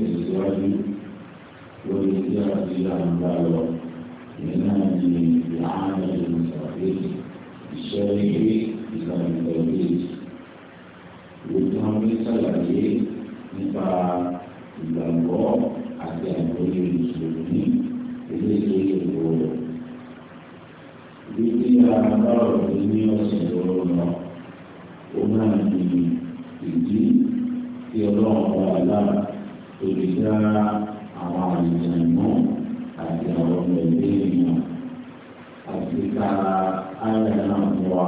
tẹ̀síwájú lórí tí a ti là ń bá lọ ìyẹn náà ni ìhànà ìmọ̀sàlẹ̀ ìṣẹ́rí ìlànà ìtọ́jú ìwòsàn ní sàlàyé nípa ìgbàgbọ́ àti àgbọ́yé ìṣòwòní eléyìí ìṣòwò rẹ̀. Ibi tí a bá ọ̀rọ̀ ní ọ̀sẹ̀ tó lọ, ó máa ń di ìdí tí ọlọ́run wà láàrín. bá àwọn àlùmọ̀ àti àwọn ọmọ ilé ìmọ̀ àti ká ayé náà fún wa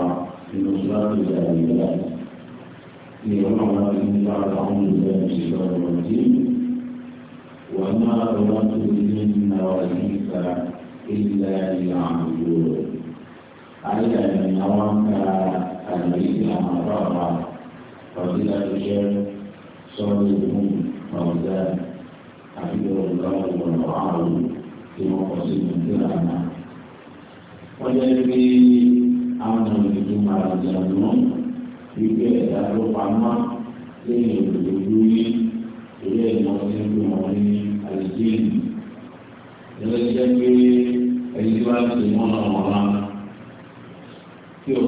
nínú sọ́ọ̀tù ìdàgbé rẹ̀. Ní ọ̀nà wọn ti ń bá àwọn olùgbé ìṣòro ọ̀rọ̀ jí. Wọ́n máa rọ́ọ̀ tó ní ìnáwó ìgbà ilẹ̀ ìyàwó. Ayé ìnáwó ń ka àlùyí àwọn ọ̀rọ̀ wa. Fọ̀dílà tó ṣe sọ́ọ̀tù ìmú ọ̀gá. àti yorùbá ìwọ̀n àrùn tí wọ́n kọ sí nàìjíríà náà. wọ́n jẹ́ pé àwọn ìlú mara jẹun wípé ẹ̀dá ló pamọ́ lẹ́yìn òdòdó ní ilé ìmọ̀ tí ń pè wọ́n ní àlùjẹ́yìn. ìlú jẹ́ pé ẹni tí wọ́n ti mọ́ náà wọ́n máa tí o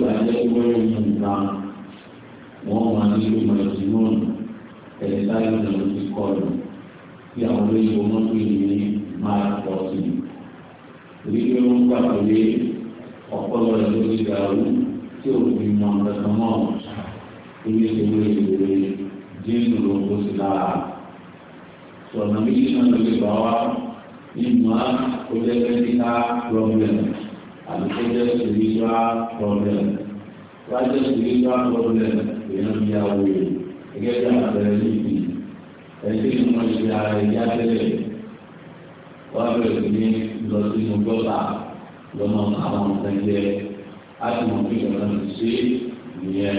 ti kọ́ ọ̀dùn tí àwọn olóyè ọmọ tó yẹ ní máa pọ̀ sí i. Èyí ló ń gbà pé ọpọlọ rẹ̀ ló ti ga owó tí òfin mọ nǹkan mọ́ ilé ìṣòro ìṣòro jíìnì ló ń kó sí lára. Sọ̀nà méjì náà ló lè bá wa nínú á ó jẹ́ medical problem àti ó jẹ́ spiritual problem. Wájú spiritual problem èèyàn ń yá wòye gẹ́gẹ́ bí àpẹẹrẹ níbi ẹtí ìmọ̀ ṣe ara ìyá tẹ́lẹ̀ wọ́n bẹ̀rẹ̀ sí ní lọ sínú gbọ́dà lọ́nà àwọn nǹkan jẹ́ láti mọ̀ pé ìjọba ti ṣe nìyẹn.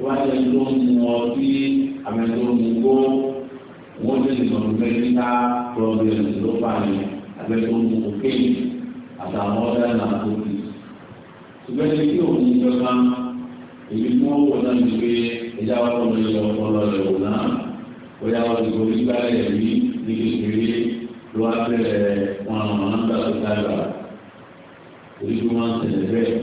wọ́n á yẹ kó mu ọtí àmì tó mu kó wọ́n ti lè sọ̀rọ̀ mẹ́ríkà problem ló fà ní àgbẹ̀ tó mu òkè àtàwọn ọ̀dà náà tó ti. ṣùgbọ́n ṣe kí òun ìjọba èyí tí wọ́n wọ̀ náà ti pé ìjà wà lọ́wọ́ ìjọba ọlọ́rẹ̀ náà bóyá wọn ti gbòòrò nígbà rẹ̀ rí ní kékeré ló wá bẹ̀rẹ̀ wọn àwọn máa ń gbà tó dàgbà torí pé wọ́n ń tẹ̀lé bẹ́ẹ̀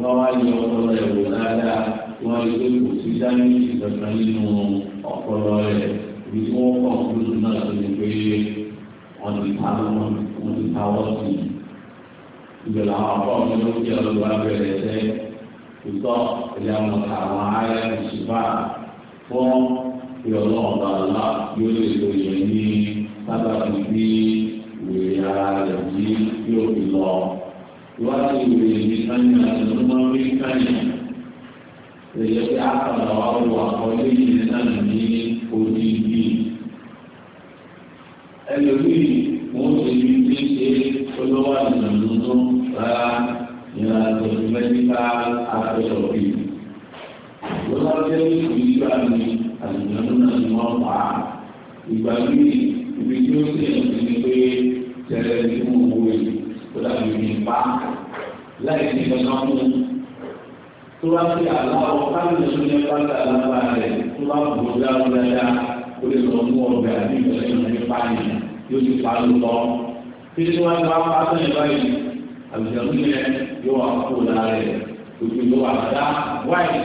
wọ́n wá ní ọpọlọ rẹ̀ wò dáadáa wọ́n rí pé kò sí dáníyì kankan nínú ọpọlọ rẹ̀ ibi tí wọ́n kọ̀ fún un náà tó ní pé wọ́n ti ta wọ́n ti ta wọ́n sí i ìgbèlà àwọn ọmọ ló ń ọlọ́wọ́ abẹ́rẹ́ ẹ̀sẹ̀ ìtọ́ ìyá wọn kí ọlọ́run bá yóò lè lo ìyẹn ní sábàbí bí wèrè ara rẹ̀ yí yóò fi lọ. ìwádìí wèrè ní káyọ̀ àti ọmọ rí káyọ̀ èyí tí a kà lọ wá wọ yìí náà ní odidi. ẹlòmíì ìgbà yìí ibi tí ó sì ń sinmi pé tẹ̀lé ní owó yìí ó dàbí ní pa láì sí kankan mú tó bá ti aláwọ káàdì tó ní pátá lábá rẹ tó bá bò dáadáa dáadáa ó lè lọ mú ọgbẹ àti ìgbàlẹ̀ ìgbàlẹ̀ nípa yìí yóò ti pa lọ kí ni wọn bá pátá yẹn báyìí àbùsàmù yẹn yóò wá kó lára rẹ òtún yóò wá dá wáyé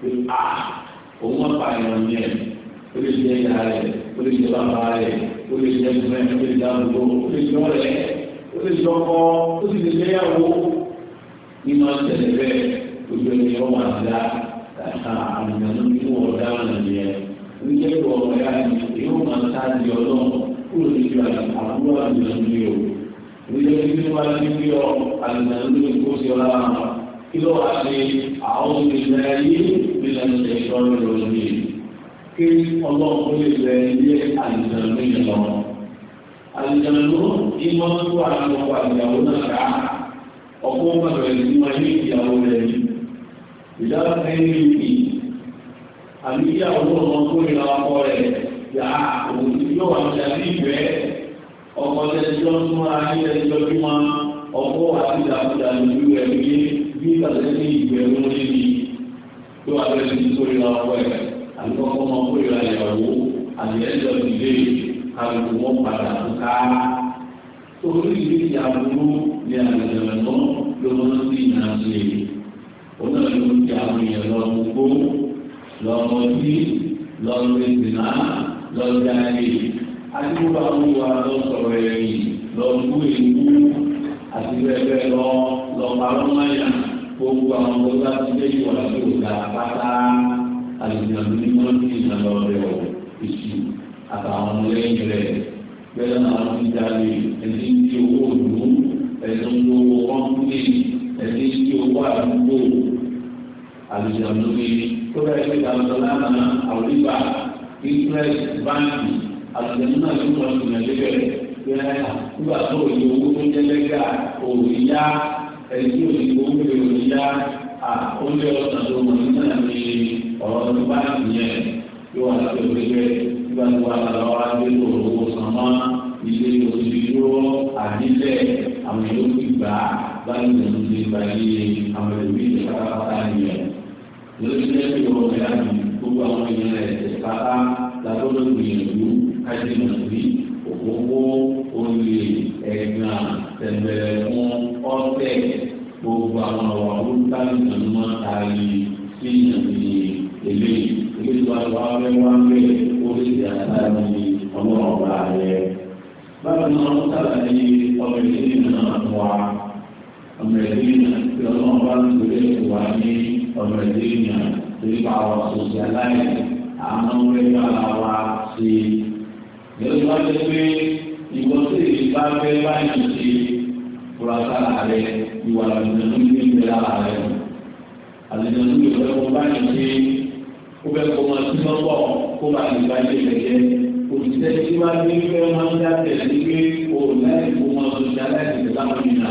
pé a ah, òun wọn pa ìrànlẹ ó lè jẹ ìyá rẹ ó lè ṣe bàbá rẹ̀ ó lè ṣe ẹgbẹ́ ó lè dáàbò ó lè ṣe ọ̀rẹ́ ó lè ṣe ọkọ ó sì lè ṣẹ́yàwó nínú àtẹ̀lẹ́ bẹ́ẹ̀ ojú ẹni ọmọ àdá kàkà àmìyànjú ní wọ́n dáhùn nìyẹn ní jẹ́ ìwọ ọ̀rẹ́ àti èyí ó máa di ọlọ́run kúrò níbi àbúrò àmìyànjú ní o ní jẹ́ ìbí wá sí ọ àmìyànjú ní kó sí ọlá kí ló wà sí àwọn ìlànà yìí yìí kí ọlọ́run lè rẹ ilé àjẹmí lọ. àjẹmí iná tó àwọn ọkọ àgbàwọ náà ká ọkọ bàbá ìlú wọn ní ìyàwó rẹ ni. ìdáwọ́ ti ń rí i àbí ìyàwó wọn tó ìlà ọkọ rẹ yà òun yóò wà ní àbí ìfẹ́ ọkọ tẹ̀síọ́ tó máa ní ẹjọ́ bí wọn ọkọ àti ìdàkúdà lójú rẹ̀ ní bí ìgbàlẹ́ ní ìgbẹ́ lórí àbí kọ́kọ́ mọ kó ìrà ìyàwó àbí ẹ̀jọ̀ ìdílé kálukú wọn padà ká. torí ìdí ìyàwó ni àgbẹ̀dẹ̀ náà ló mọ́ sí ìnáṣe. òun náà ló ti àwọn èèyàn lọ gbogbo lọ mọtí lọ rẹ̀sìnà lọ jáde. adigun bá lọ sọ̀rọ̀ ẹ̀yìn lọ kú èkú àti bẹ́ẹ̀ bẹ́ẹ̀ lọ lọ parọ́ mọ́yà gbogbo àwọn ọgbọ́n bá ti dé ìwà tó dáa pátá àlùjá lórí àtàwọn ọmọlẹ́yìn rẹ̀ bẹ́ẹ̀ náà wọ́n ti jalè ẹ̀sìn tí owó òdùnú ẹ̀sìn tí owó kọ́ńtúnì ẹ̀sìn tí owó àdúgbò àlùjáde lórí tó bẹ́ẹ̀ ṣe ìdàgbàsọ lánàá àwòrán interest báńkì àlùjáde náà ló ń wọ́n ti yàn lébẹ̀ bẹ́ẹ̀ nígbà tó òye owó tó jẹ́ lẹ́gà òòyà ẹ̀sìn òyìnbó ń pè òòyà oúnjẹ ọ̀sán tó mọ̀ nígbà náà ní ọ̀rọ̀ báńkì yẹn yóò wà lábẹ́ òwe bẹ́ẹ̀ nígbà tí wọ́n àgbàlá wa gbé lòrò owó sànmọ́ ilé oṣù yúrò àdílẹ̀ àwọn èèyàn ti gbà báyìí lòun ti gbà yé àwọn èèyàn ti pátápátá nìyẹn. lórí lẹ́yìn ìwọ̀n rẹ̀ àti gbogbo àwọn èèyàn rẹ̀ ti pátá lágbọ́dọ̀ gbìyànjú kájí nàìjírí òkókó olè ẹ̀gbà tẹ̀m̀bẹ̀rẹ̀ fún ọ̀tẹ̀ gbogbo àwọn ọ̀rọ̀ àwọn olùkọ́ sábàbí ọmọ ìdílé náà wá ọmọ ìdílé náà tí ọlọ́run bá ń gbé lẹ́yìn wá ní ọmọ ìdílé náà torí pa àwọn sòsì aláìsí àmọ́ wọ́n bá la wá sí i. ìyẹ́wò wá ti pé ìgbọ́sẹ̀ ìbá fẹ́ báyìí ṣe kúrọ́sára sábàmìnà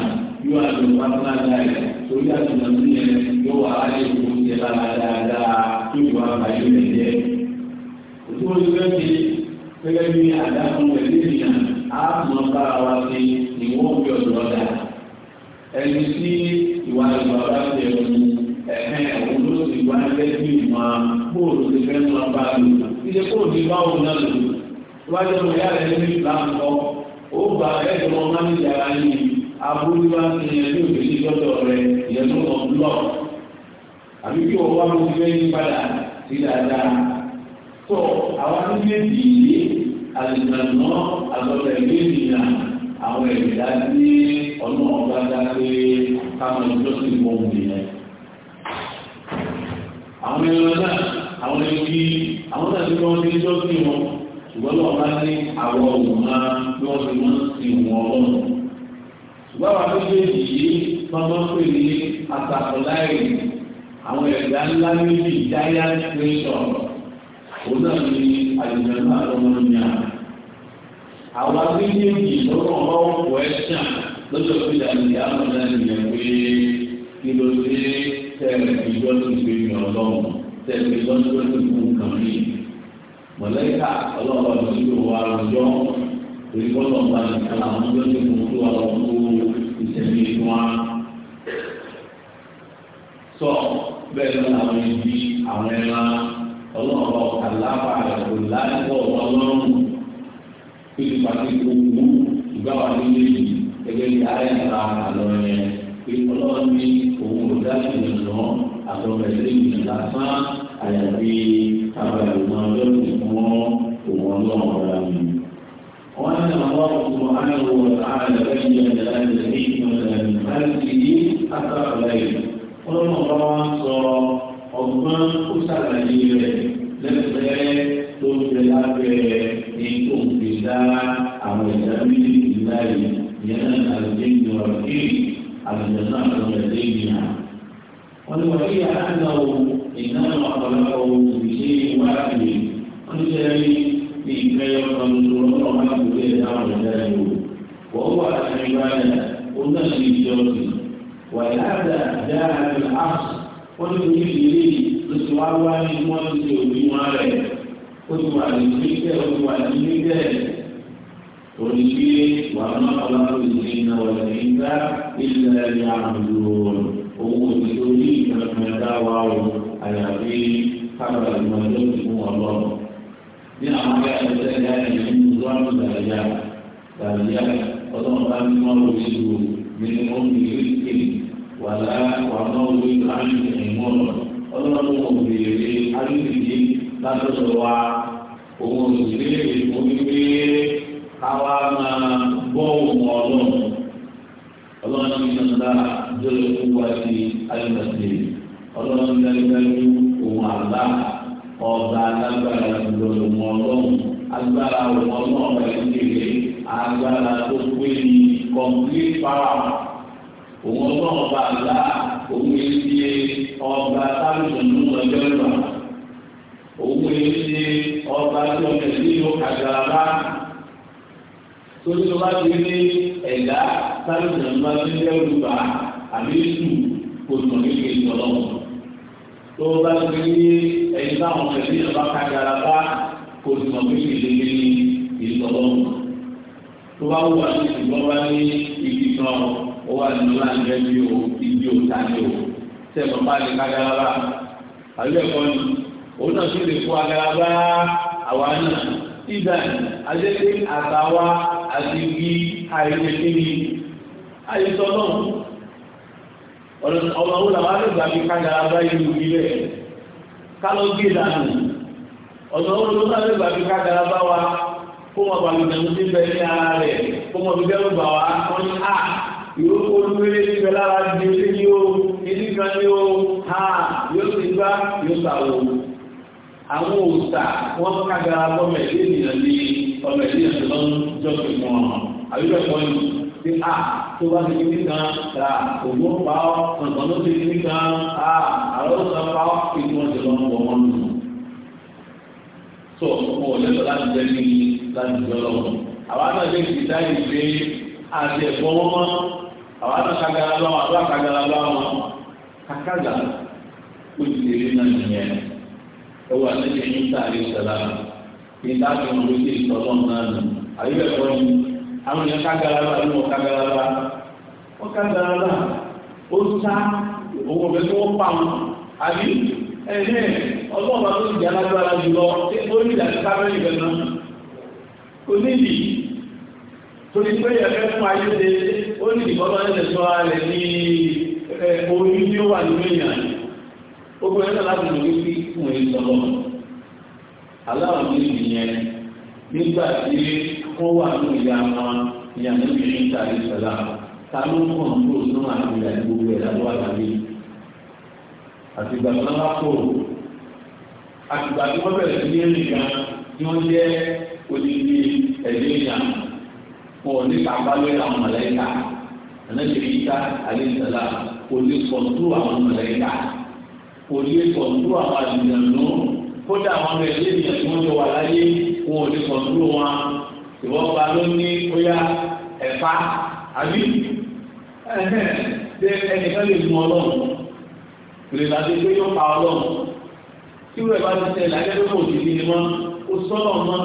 yóò àjò pátánà láì torí àtúnṣe yẹn yóò wà láyé ìwò jẹ lára dáadáa tó ìwà àbáyé rẹ jẹ. òtún olùkọ́ ti gẹ́gẹ́ bí àdáhùn ẹ̀dí ènìyàn á mọ bára wa sí ìwọ́n fi ọ̀dọ̀ ọ̀dà. ẹni tí ìwà ìwà bá ti ẹ̀rù ẹ̀hẹ́n òun ló sì wá lẹ́sìn ìmọ̀ bóòlù ti fẹ́ mọ́ bá lò. ìṣe kóòdù báwo náà lò wájú aburú bá ti yẹn ní òbí lọ́dọ̀ rẹ yẹn tó lọ lọ àbí kí òun wá mo ti fẹ́ yí padà sí dáadáa tó àwọn méjì yìí àlùmọ̀nà àtọ̀tẹ̀ méjì náà àwọn ẹ̀dá ní ọ̀nà ọ̀gá dáké káwọn ìjọ sì mọ òun yẹn. àwọn ẹran náà àwọn ẹbí àwọn tàbí wọn ní ìjọ sí wọn ṣùgbọ́n lọ́wọ́ bá ní àwọn òun máa bí wọ́n ti wọ́n sí wọn lọ́nà báwa méjèèjì yìí tọ́mọ pè ní àtàkùnláì àwọn ẹ̀dá ńlá méjì dáyà pẹ́sọ̀ òun náà ní àjùmọ̀lá ọmọnìyàn. àwa méjèèjì lọ́wọ́ ọ̀hún kò ẹ́ sàn lọ́jọ́ pé àmì àwọn náà nìyẹn pé kí ló dé tẹ̀lé ìjọ tó gbé mi ọlọ́run tẹ̀lé ìjọ tó gbé mi kú kàn mí. mọ̀lẹ́kà ọlọ́run ló wà lọ́jọ́ ìgbọ́dọ̀ bá nìkan láwọn. nínú àwọn ibi àwọn ẹran ọlọ́ọ̀bọ àlápá àgbò láìpọ̀ ọlọ́run tó ti pàṣẹ gbogbo ìgbà wà nílé yìí gẹ́gẹ́ bí ayé ara àlọ́ yẹn pé ọlọ́run ní òun ò dá ìrìnà àtọ̀bẹ̀lẹ̀ ìrìnà lásán àyàfi àbẹ̀wò náà lọ́sìn fún òun ọlọ́run ọ̀la mi. وأن الله سبحانه وتعالى بين ذلك الحكمة من خلقه أثر ليله ọlọ́mọba wa ń sọ ọgbọ́n kó sàlàyé rẹ̀ lẹ́gbẹ̀ẹ́ tó ń bẹ lábẹ́ ètò ìdá àwọn ìdá méjì láyé yẹn náà àlùjẹ́yìn ọ̀rọ̀ kí àlùjẹ́yìn náà lọ́wọ́ ẹ̀dẹ́yìn náà. wọ́n ní wọ́n yíyá àdáwò ìnáwó ọ̀pọ̀lọpọ̀ òṣìṣẹ́ ìwádìí wọ́n ṣe rí ìfẹ́ ọ̀kan lọ́wọ́ ọ̀kan kò lè dáhùn ẹ̀dá yìí o. wọ́n wà ní ìbáyà ó náà ṣe ìjọ́sìn wàyáàdà dáhà ní àṣù ó ní orí ìlérí oṣù wa wá ní wọ́n ti ṣe òbí wọn rẹ̀ ó ti wà ní ìgbésẹ̀ ó ti wà ní ìgbésẹ̀ onígbé wà má wà lóṣù iná wọlé nígbà ilẹ̀ ní àmàlò owó òṣìṣẹ́ orí ìfẹ̀mẹ̀dá wa o àyàfi kábàlì wọn ló ti fún wọn lọ. ní àwọn akẹ́kọ̀ọ́ sẹ́yìn láti ní ìlúwàmù dàríyà dàríyà ọlọ́run bá ní wọn lò sí o ní omi ìrìkè àmọ́ orí àyùkì ẹ̀mọ́ ọlọ́run ò béèrè àyùkì yìí látọ̀dọ̀ wa òun ò sì léèrè omi pé káwa máa gbọ́ òun ọlọ́run ọlọ́run ní ọ̀dà jẹ́lẹ̀ fún wa sí àyùkì ọlọ́run dájúdájú òun àlá ọ̀gá alágbára lọ́dọ̀ òun ọlọ́run agbára òun ọlọ́run ẹ̀ ń kéde agbára tó pé ní complete power òun ọlọ́run bá a lá òun yìí ṣe ọba sábìsùn ní ọjọ́ ìgbà òun yìí ṣe ọba tí ọmọ ẹ̀sìn yóò kàgbára bá torí tó bá ti ní ẹ̀dá sábìsùn ní ọjọ́ ìgbà olùbá àbí ìṣù kò tún ní kéjì ọlọ́run tó bá ti ní ẹ̀dá táwọn ọmọ ẹ̀sìn yóò bá kàgbára bá kò ní kéjì ní tó bá wù wá ní ìgbọ́n ní ibi kan ó wà nínú láǹdẹ́ bí o ìdí o tàbí o tẹ bàbá lè ká garaba àbí ẹ̀kọ́ ni òun náà sì lè kó agaraba àwa náà ìgbà àdéhùn àtàwa àti igi àìlèkéni àyètọ́ náà ọmọ wo làwọn àlejò àbí ká garaba ìlú ìbílẹ̀ ká lọ gbé dànù ọ̀nà wo ló náà lẹ́gbàá fi ká garaba wa kó wọn bàbá ìdàgbàsí bẹ́ẹ̀ ní ara rẹ̀ kó wọn fi dẹ́rù bà wá wọn ní à. Ah, yóò kó lóore ní ìfẹ́ lára di ilé ní o ilé kan ní o ha yóò ti gbá yóò ta o. àwọn òòtà wọn kága ọmọ ẹ̀dẹ́ ènìyàn ní ọmọ ẹ̀dẹ́ ènìyàn lọ́n jọ́sìn mọ́ àbíbẹ̀ kọ́ ni pé a tó bá ti kíní kan ra ògbó pa ọ́ nǹkan ló ti kíní kan a àlọ́ kan pa ọ́ kí wọ́n ti lọ́n wọ̀ wọ́n nù. tó o lẹ́tọ̀ọ́ láti jẹ́ kí láti jọ lọ́wọ́ àwa náà àwọn àtàkàgàrà lọ́wọ́ àwọn àtàkàgàrà lọ́wọ́ kàkàgà ó ti lè rí náà nìyẹn ó wà níbi ní sáré sàlámù kí n dáàbò wọn lókè ìtọ́lọ́ náà nù àyè ẹ̀kọ́ ni àwọn èèyàn kàgàrà lọ́wọ́ ni wọ́n kàgàrà lọ́wọ́ wọ́n kàgàrà lọ́wọ́ ó sá òun ọ̀bẹ tó pa wọn àbí ẹ̀ẹ́dẹ́ ọlọ́ọ̀bà tó ti alágbára jùlọ ó ní ìdájọ́ sábẹ́ ìgbẹ́ náà ó ní ìbọ́bá ń tẹ̀sọ́ rẹ̀ ní orí tí ó wà nínú èèyàn ogun ẹ̀rọ láti lò ní sí fún èyí sọ́lọ́ aláwọ̀ ní ìyẹn nígbà tí wọ́n wà nínú ìyá wọn ìyá níbi ní ìtàrí sọ́lá ta ló ń kàn kúrò nínú àti ìyá gbogbo ẹ̀ lọ́wọ́ àgbàdì àti ìgbà tó lọ́wọ́ kò àti ìgbà tí wọ́n bẹ̀rẹ̀ sí ní èrè tí wọ́n jẹ́ odidi ẹ̀dẹ́ ìyá wọn ò ní kápá lórí àwọn mọ̀lẹ́kà ànábìrì yíká àlejòlá kò lè kọ̀ǹtú àwọn mọ̀lẹ́kà kò lè kọ̀ǹtú àwọn àdìyànú kódà àwọn ọmọ ẹgbẹ́ ènìyàn tí wọ́n jọ wà láyé wọn ò lè kọ̀ǹtú wọn ìwọ́n ba ló ní bóyá ẹ̀fá àbí ẹ̀hẹ́n ẹnìkan lè mú ọlọ́run ìrìnà àti pé yóò pa ọlọ́run tí wọ́n bá ti tẹ̀ láyé ló kò sí ní wọn ó sọ́nà mọ́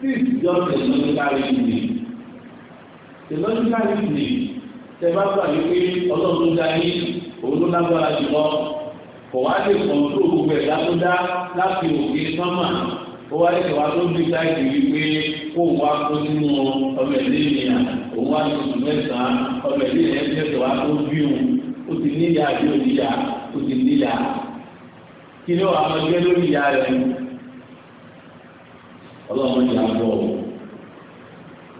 sí ìjọ tẹ̀lé lọ́dún kárí ìdè tẹ̀lé lọ́dún kárí ìdè tẹ̀bá gbà wípé ọlọ́run ló dá yín òun ló lágbára jùlọ kò wá lè kàn tó gbogbo ẹ̀dá tó dá láti òkè sánmà ó wá lè kẹwàá tó gbé táìsì wípé kó wá kó sínú ọmọ ẹ̀dẹ́ ènìyàn òun wá ní oṣù mẹ́sàn-án ọmọ ẹ̀dẹ́ ènìyàn ti tẹ̀sẹ̀ wá tó bí òun ó ti níyà àbí òníyà ó ti níyà kí ni wàá máa gbé lórí ìyá rẹ̀ ọlọ́run ti àbọ̀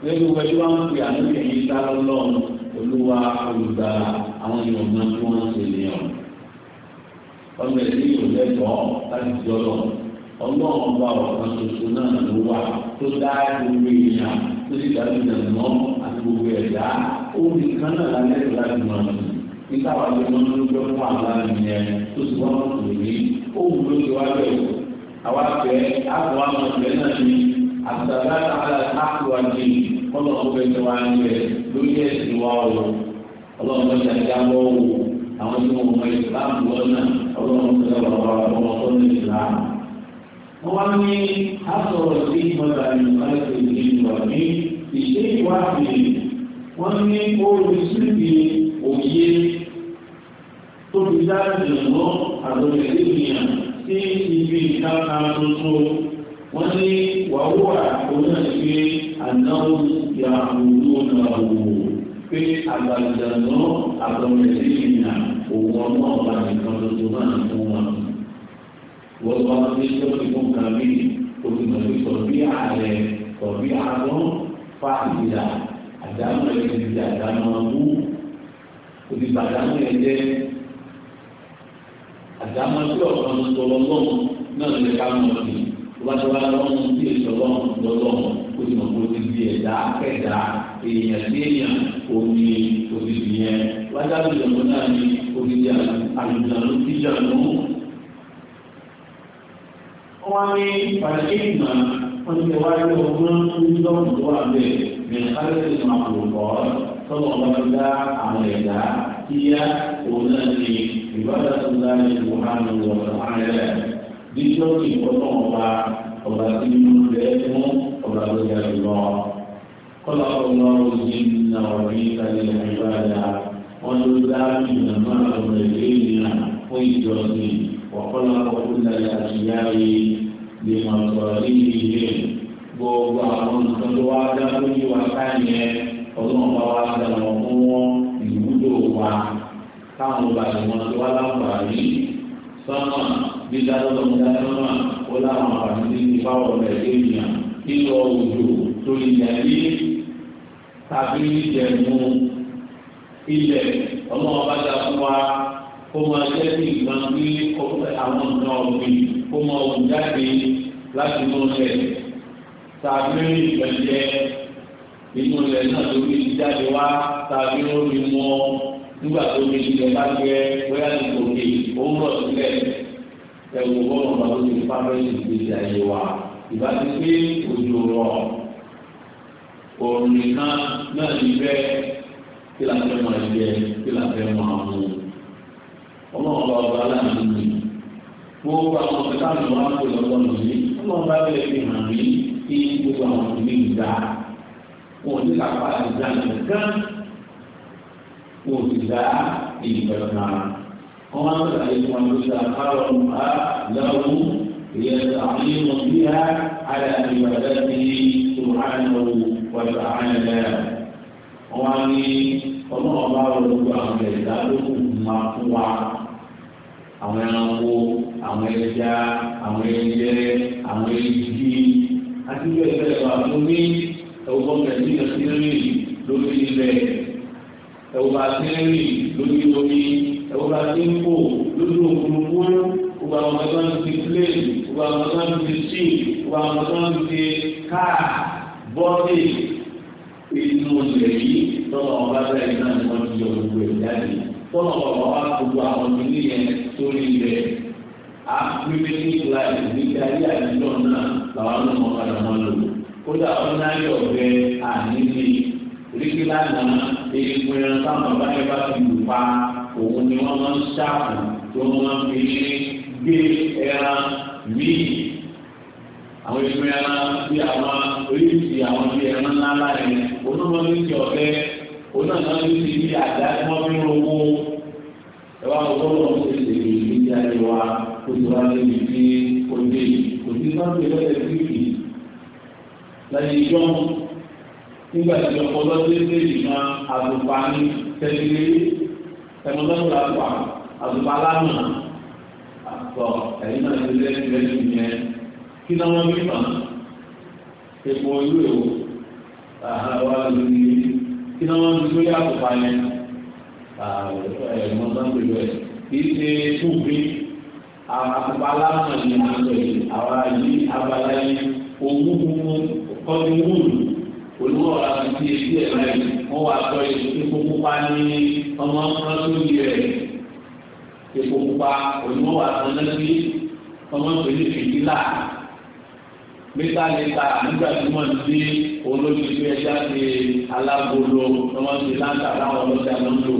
nínú gbẹ́jú wa ń pè àná olúwa olùgbà àwọn èèyàn máa ń wọ́n ṣe ní ọ̀. ọmọ ẹ̀dí yóò lẹ́tọ̀ọ́ láti jọ lọ. ọlọ́run ọba ọ̀kan ṣoṣo náà ló wà tó dá gbogbo èèyàn tó sì dá gbogbo ẹ̀mọ́ àti gbogbo ẹ̀dá omi kan náà lálẹ́ tó láti máa sùn. nígbà wà ló máa ń lójọ́ fún àlá nìyẹn tó sì wọ́n kò ní òun ló ti wá bẹ̀ àwa fẹ́ àbọ̀ àwọn ọ̀fẹ́ náà ni àtàlá àlá àkùrọ̀ àti kọ́lọ̀ ọ̀gbẹ́ ni wàá ní rẹ̀ lórí ẹ̀sìn wa o ọlọ́run bá ṣe àjà bọ́ o àwọn tí wọ́n mọ ìsìláàmù lọ́nà ọlọ́run ti lọ́wọ́ àwọn ọmọ tó ní ìsìláàmù. wọ́n wá ní asọ̀rọ̀ sí ìmọ̀ta ìmọ̀láṣẹ́ ìdíjọ ní ìṣe ìwádìí wọ́n ní olùsíbi òye tó fi dáàbò lọ́ àdọ̀rẹ̀ ènìyàn sí ibi ìdáná tuntun wọ́n ní wàhùwà onáṣẹ́ àdáwó yàgùnúnà wò pé àgbàdànà àtọ̀mẹ̀lẹ́ ìyà òun ọmọ ọba nìkan lójú náà fún wa. wọ́n bá ti sọ́ọ̀tì fún kàmí òfìmọ̀ ní sọ̀bí ààrẹ sọ̀bí àgbọ̀n fàtìlà àdámọ̀ ẹ̀jẹ̀ ti àdámọ̀ mú òdìbò àdámọ̀ ẹ̀jẹ̀ àdámọ̀ tí ọ̀kan lọ́wọ́ náà lè ká mọ̀ ní wájú wa lọ́wọ́ tí èso lọ́wọ́ lọ́wọ́ ó ti mọ̀ pé ó ti di ẹ̀dá kẹ̀dá èèyàn sí èèyàn omi òdìdì yẹn wájú àbíyànjú náà ni òdìdì àlùjànú jíjànú. wọ́n ní pàtàkì ìgbà wọ́n ti wáyé ọgbọ́n onídọ́ọ̀nù tó wà bẹ́ẹ̀ ní alẹ́ ìmọ̀ àpòlùkọ́ tọ́lọ̀ ọba dá àwọn ẹ̀dá kíyá òun náà ni ìbára tó dá ní ìwòhánu ọ̀sán àárẹ̀ dídọ́ọ̀nù ìfọ́nà ọba ọba tí mo fẹ́ fún ọba tó yà lọ kọlá ọlọ òjì nà ọ̀rí kalẹ̀ ìbára wọn ló dá ìyá máa lọ lè nà fún ìjọsìn wọ́kọ́lá ọkùnrin náà àtìyá yìí lè má sọ̀rọ̀ nínú ilé gbogbo àwọn nǹkan tó wá dá lórí wa káyẹ ọdún ọba káwọn ọba ìwọn tó wá láǹfààní sọ́nà dídá lọ́dọ̀ mú dá sọ́nà ó láwọn àǹfààní ní ìfáwọ̀ rẹ̀ lé nìyàn. ìlọ òjò lórí ilẹ̀ yìí tàbí ìjẹ̀mú ilẹ̀ ọlọ́wọ́ bá dá fún wa kó máa jẹ́ sí ìgbọ́n bí àwọn nǹkan ọ̀gbìn kó máa wù jáde láti tàbí ìgbẹ̀jẹ̀ inú ilẹ̀ náà wá tàbí nígbà tó bóyá ní gòkè ó ń rọ̀ sílẹ̀ ìbáṣe pé òjò rọ̀ òrùn nìkan náà ní bẹ́ẹ̀ kí la fẹ́ máa jẹ kí la fẹ́ máa mú ọmọ ọba ọba aláàánú mi gbogbo àwọn ọ̀sẹ̀ táwọn ọmọ wa ń pè lọ́wọ́ nìyí ọmọ ọba bẹ́ẹ̀ fi hàn mí kí gbogbo àwọn ọmọ mi dá wọn ò ní kápá àdìgbà nìkan wọn ò sì dá ìgbà kan wọn máa ń sọ̀rọ̀ àyè fún wọn lóṣù àkàrọ̀ ọ̀hún á هي تعظيم بها على عبادته سبحانه وتعالى وعن ọlọ́run bá rọ gbogbo àwọn ẹ̀dá lókù máa fún wa àwọn ẹranko àwọn ẹja àwọn ẹyẹ àwọn ẹyí àti bẹ́ẹ̀ bẹ́ẹ̀ bá ní ẹ̀wọ̀n kẹ̀sí ẹ̀sìnrì lórí ilẹ̀ ẹ̀wọ̀n bá sínrì lórí omi ẹ̀wọ̀n bá sí gbogbo àwọn ọmọdé wọn ti pléènì gbogbo àwọn ọmọdé wọn ti síì gbogbo àwọn ọmọdé wọn ti káà bọ́ọ̀dì inú ilẹ̀ yìí tọ́lọ̀ ọba bẹ́ẹ̀ náà ni wọ́n ti yọ gbogbo ẹ̀ jáde tọ́lọ̀ ọba wa gbogbo àwọn ọmọdé yẹn sórí ilẹ̀ àpèmẹ́tì láti níbi ayé àdúgbò náà làwọn ọmọ padà wọn lò kódà ọ̀nà ayọ̀ ọ̀bẹ àníní ríkì lánàá egun ẹran táwọn bá yẹ bá ti lù pa òun ni wọ́n máa ń ṣáàpù tí wọ́n máa ń fi ní gbé ẹran míì àwọn ìlú ẹran bí àwọn oríṣi àwọn bí ẹran ńláńlá yẹn onímọ̀lú ti ọ̀bẹ onímọ̀lú ti bí àdá tí wọ́n fi ń rowó ẹ wá wọ́n lọ́wọ́ ṣe lè lè ní ìdí ayé wa kó tó wá lé mi sí òde kò sí sọ́ọ̀tì lọ́sẹ̀ síkì lẹ́yìn ìjọ́ nígbà tí ọpọlọ tó ń lé ìmọ̀ àtùpà ní tẹ́lẹ̀ ẹ̀mọ́tọ́tò àtùpà àtùpà lánàá sọ ẹ̀yìn náà ti lẹ́yìn lẹ́yìn yẹn kí náà wọ́n mímà epo ojú èwo àwa lórí kí náà wọ́n dúró yá àpòpá yẹn ẹ̀mọ́ sáńpé rẹ̀ kì í ṣe fúnfin àpòpá aláàmọ̀ ní àgbẹ̀ àwa yìí abala yìí owó funfun kọ́ni wúlù olùwọ́ ọ̀la ti fi etí ẹ̀ láì wọ́n wà sọ èso tó ní ọmọ ọmọ tó yẹ epo pupa onímọ̀ wà fún ẹlẹ́sì ọmọ ìpele fìdílà mẹ́ta lẹ́ta nígbà tí wọ́n ti olóṣèlú ẹja ti alágolo ọmọ ti láńtà láwọn ọlọ́jà ló ń lò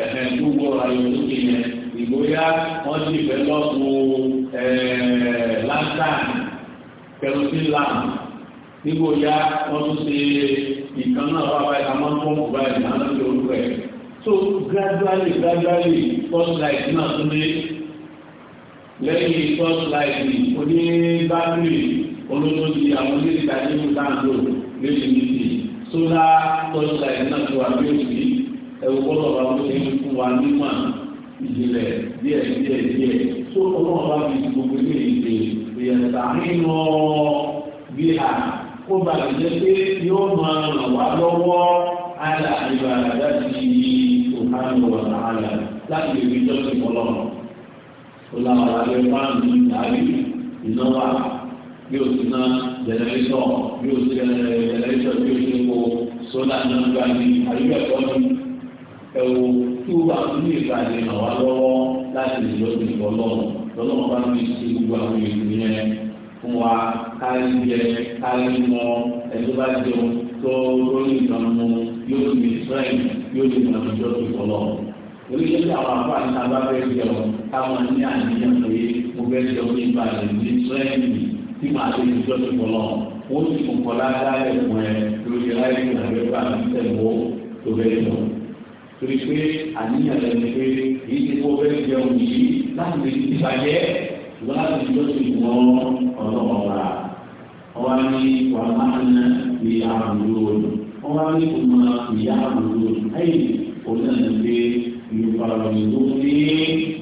ẹ̀ẹ́ gbogbo ayọ̀ lókè yẹn ìgbóyà wọ́n ti fẹ́ lọ́kùn ẹ̀ẹ́ láńtà kẹrùsí làmù nígbò ya wọ́n tún ṣe ìkan náà wà báyìí àmọ́ fún báyìí àná ti olùkọ́ ẹ̀ so gradually gradually spotlight náà tún dé lẹ́yìn spotlight onígbàgbé olóńgbòdì àwọn oníṣẹ́ ìdájọ́ ìdáǹdò lórí níbi sólà spotlight náà tó wà ní òbí ẹ̀wọ̀n bọ́lọ̀ bá wọlé fún wa nímọ̀ ìjìnlẹ̀ díẹ̀ díẹ̀ díẹ̀ tó ọlọ́run bá fi gbogbo ilé ìgbè ìyẹ̀sà nínú bí a kó ba lè jẹ́ pé yóò máa ràn wá lọ́wọ́ àlà ìbàdàn láti ìhànà wà láàlà láti lè fi jọ́sìn fọlọ́run ó láwọn ará lè fáàmì ìdarí ìnáwó bí o ti ná jẹnẹrétọ̀ bí o ti jẹnẹrétọ̀ bí o ti ń wo sólà náà gba ní àyíká ẹ̀kọ́ ní ẹ̀wò tí o bá tún ní ìbàdàn náà wá lọ́wọ́ láti lè jọ́sìn fọlọ́run lọ́lọ́run bá mi ṣe gbogbo àwọn èèyàn yẹn fún wa kárí jẹ kárí mọ ẹ̀tọ́ bá jẹun tó lórí ìdánwò yóò lè sẹ́yìn yóò lè mọ̀ ìjọ́sìn fọlọ́run oríṣiríṣi àwọn àfáàní tábà bẹ́ẹ̀ jẹun táwọn ní àníyàn pé mo bẹ́ẹ̀ jẹun ní ìbàdàn ní sẹ́yìn tí màá lè jọ sí pọlọ wọ́n sì kò kọ́ ládàá ẹ̀kún ẹ̀ lórí láì ní àbẹ́gbà tẹ̀wọ́ tó bẹ́ẹ̀ jọ. torí pé àníyàn rẹ̀ ni pé èyí ti kó bẹ́ẹ̀ jẹun yìí láti lè ti bàjẹ́ ṣùgbọ́n láti jọ sí wọn ọ̀dọ́ ọ̀la. ọba ní wàá máa ń ní ọba ní kò máa ń ní ẹ̀yìn òun náà ní ìfọ̀rọ̀lùdókòwé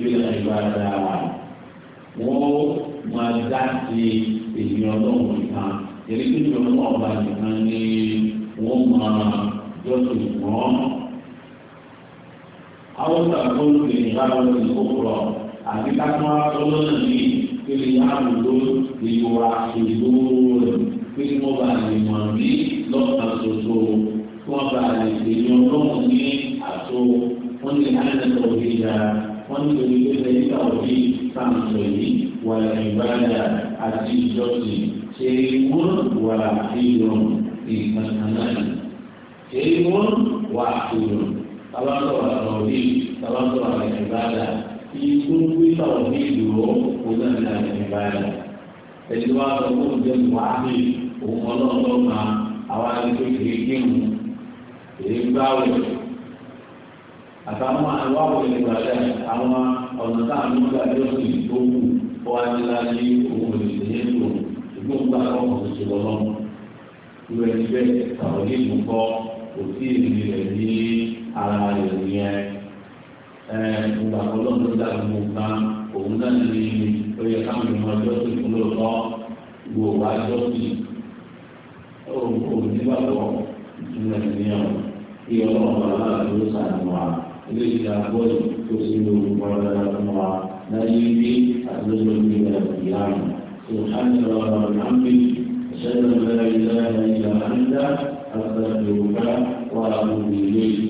bílẹ̀ ìbáradà wọ́n máa dá sí èyí ọlọ́run nìkan èyí tó ń lọ ọba nìkan ni wọ́n máa jọ́sìn wọ́n. àwọn ìgbàgbọ́ ìgbè ìbáradà ní kòkòrò àti kápá ọlọ́nà ní kíni àbùdó ìwà ìlú rẹ̀ pé kí wọ́n bá lè mọ̀ ní lọ́kàn ṣoṣo kí wọ́n bá lè ṣèyí ọlọ́run ní àtò wọ́n ní àyàn òbí ya wọ́n ní òbí tó ṣe nípa òbí sáǹsọ̀ yìí wà ìbáradà àti ìjọsìn ṣe wọ́n wà ìrọ̀rùn ìkànnì ṣe wọ́n wà ìrọ̀rùn tabasọ̀ àtọ̀ òbí tabasọ̀ àtọ̀ ìbáradà ikú pípa òbí ìdúró kó náà ní àtọ̀ ìbáradà ẹni wá sọ fún ìjọ ìwádìí òun ọlọ́ọ̀lọ́ máa àwọn àti kékeré kéwù èyí gbáwèé àtàwọn aláwọ̀ ìgbàlẹ̀ àwọn ọ̀nà táàmù gbàdé òsì tó kù kó adéla ní òun òsì nílò ìgbóhùn gbà kọ́ ọ̀hún sí lọ́lọ́. irú ẹni bẹ́ẹ̀ tàwọn ilé ìlú kọ́ kò sí èmi rẹ̀ ní ara rẹ̀ nìyẹn. ẹ gbogbo àkọlọ́ ló dá gbogbo nǹkan òun náà ní oyè káwọn ìmọ̀ ọjọ́ sí ìpínlẹ̀ ọ̀tọ́ gbogbo àjọ sí òun nígbàgbọ́ ìtumọ̀ ìníyàwó kí ọlọ́run bàbá àti ó sàánú ilé ìgbàgbọ́ سبحانك اللهم وبحمدك أشهد لا إله إلا أنت أستغفرك وأتوب إليك